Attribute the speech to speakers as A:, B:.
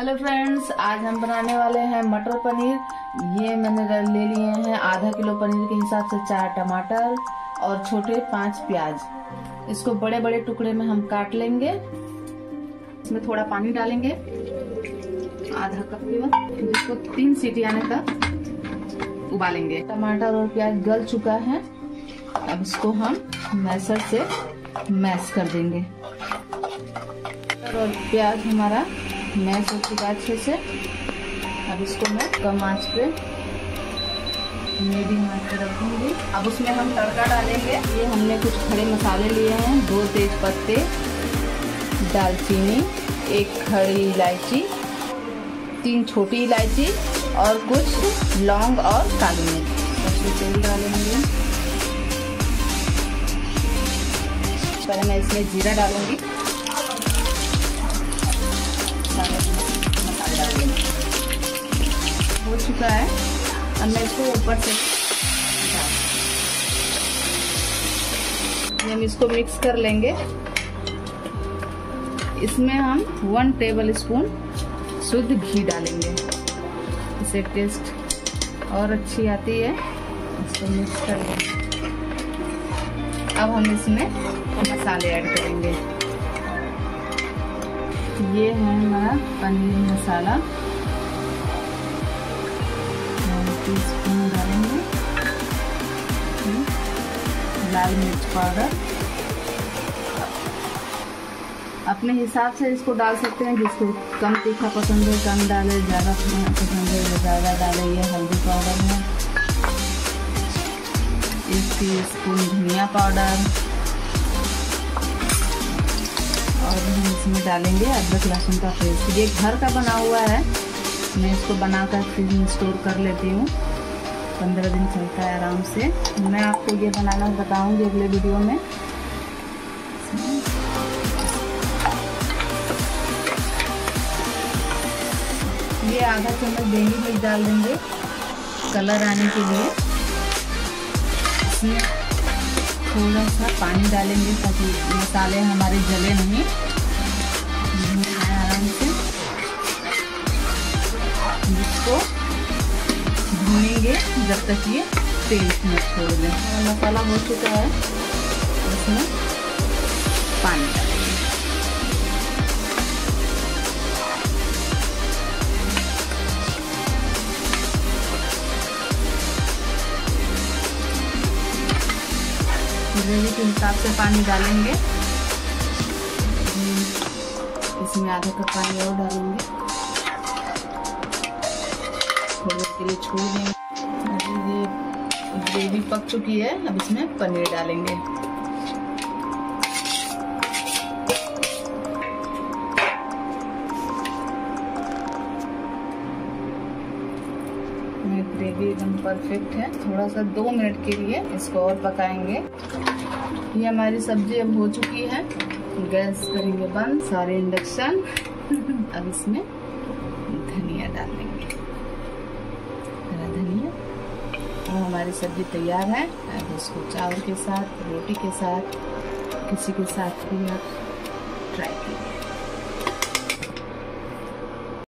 A: hello friends आज हम बनाने वाले हैं मटर पनीर ये मैंने ले लिए हैं आधा किलो पनीर के हिसाब से चार टमाटर और छोटे पांच प्याज इसको बड़े बड़े टुकड़े में हम काट लेंगे इसमें थोड़ा पानी डालेंगे आधा कप केवल इसको तीन सीटी आने तक उबालेंगे टमाटर और प्याज गल चुका है अब इसको हम मैसर से मैश कर देंगे और प्याज हमारा मैश हो चुका अच्छे से अब इसको मैं कम आँच पे मीडियम आँच पे रखूँगी अब उसमें हम तड़का डालेंगे ये हमने कुछ खड़े मसाले लिए हैं दो तेज पत्ते दालचीनी एक खड़ी इलायची तीन छोटी इलायची और कुछ लौंग और काली मिर्च उसमें तेल डालेंगे पहले मैं इसमें जीरा डालूँगी हो चुका है अब मैं इसको ऊपर से हम इसको मिक्स कर लेंगे इसमें हम वन टेबल स्पून शुद्ध घी डालेंगे इसे टेस्ट और अच्छी आती है इसको मिक्स कर लेंगे अब हम इसमें मसाले ऐड करेंगे ये है हमारा पनीर मसाला स्पून डालेंगे लाल मिर्च पाउडर अपने हिसाब से इसको डाल सकते हैं जिसको कम तीखा पसंद है कम डाले ज़्यादा पसंद है ज़्यादा डाले ये हल्दी पाउडर है एक टी स्पून धनिया पाउडर और हम इसमें डालेंगे अदरक लहसुन का पेस्ट ये घर का बना हुआ है मैं इसको बनाकर फ्रिज में स्टोर कर लेती हूँ पंद्रह दिन चलता है आराम से मैं आपको ये बनाना बताऊँगी अगले वीडियो में ये आधा चम्मच देंगे मिर्च डाल देंगे कलर आने के लिए इसमें थोड़ा सा पानी डालेंगे ताकि मसाले हमारे जले नहीं आराम से इसको भूनेंगे जब तक ये तेल इसमें छोड़ दें मसाला हो चुका है उसमें पानी डालें ग्रेवी के हिसाब से पानी डालेंगे इसमें आधा कप पानी और डालेंगे थोड़ी के लिए छोड़ देंगे ये ग्रेवी पक चुकी है अब इसमें पनीर डालेंगे मेरी ग्रेवी एकदम परफेक्ट है थोड़ा सा दो मिनट के लिए इसको और पकाएंगे ये हमारी सब्जी अब हो चुकी है गैस करेंगे बंद सारे इंडक्शन अब इसमें धनिया डाल देंगे हरा धनिया और हमारी सब्जी तैयार है अब इसको चावल के साथ रोटी के साथ किसी के साथ भी आप ट्राई कीजिए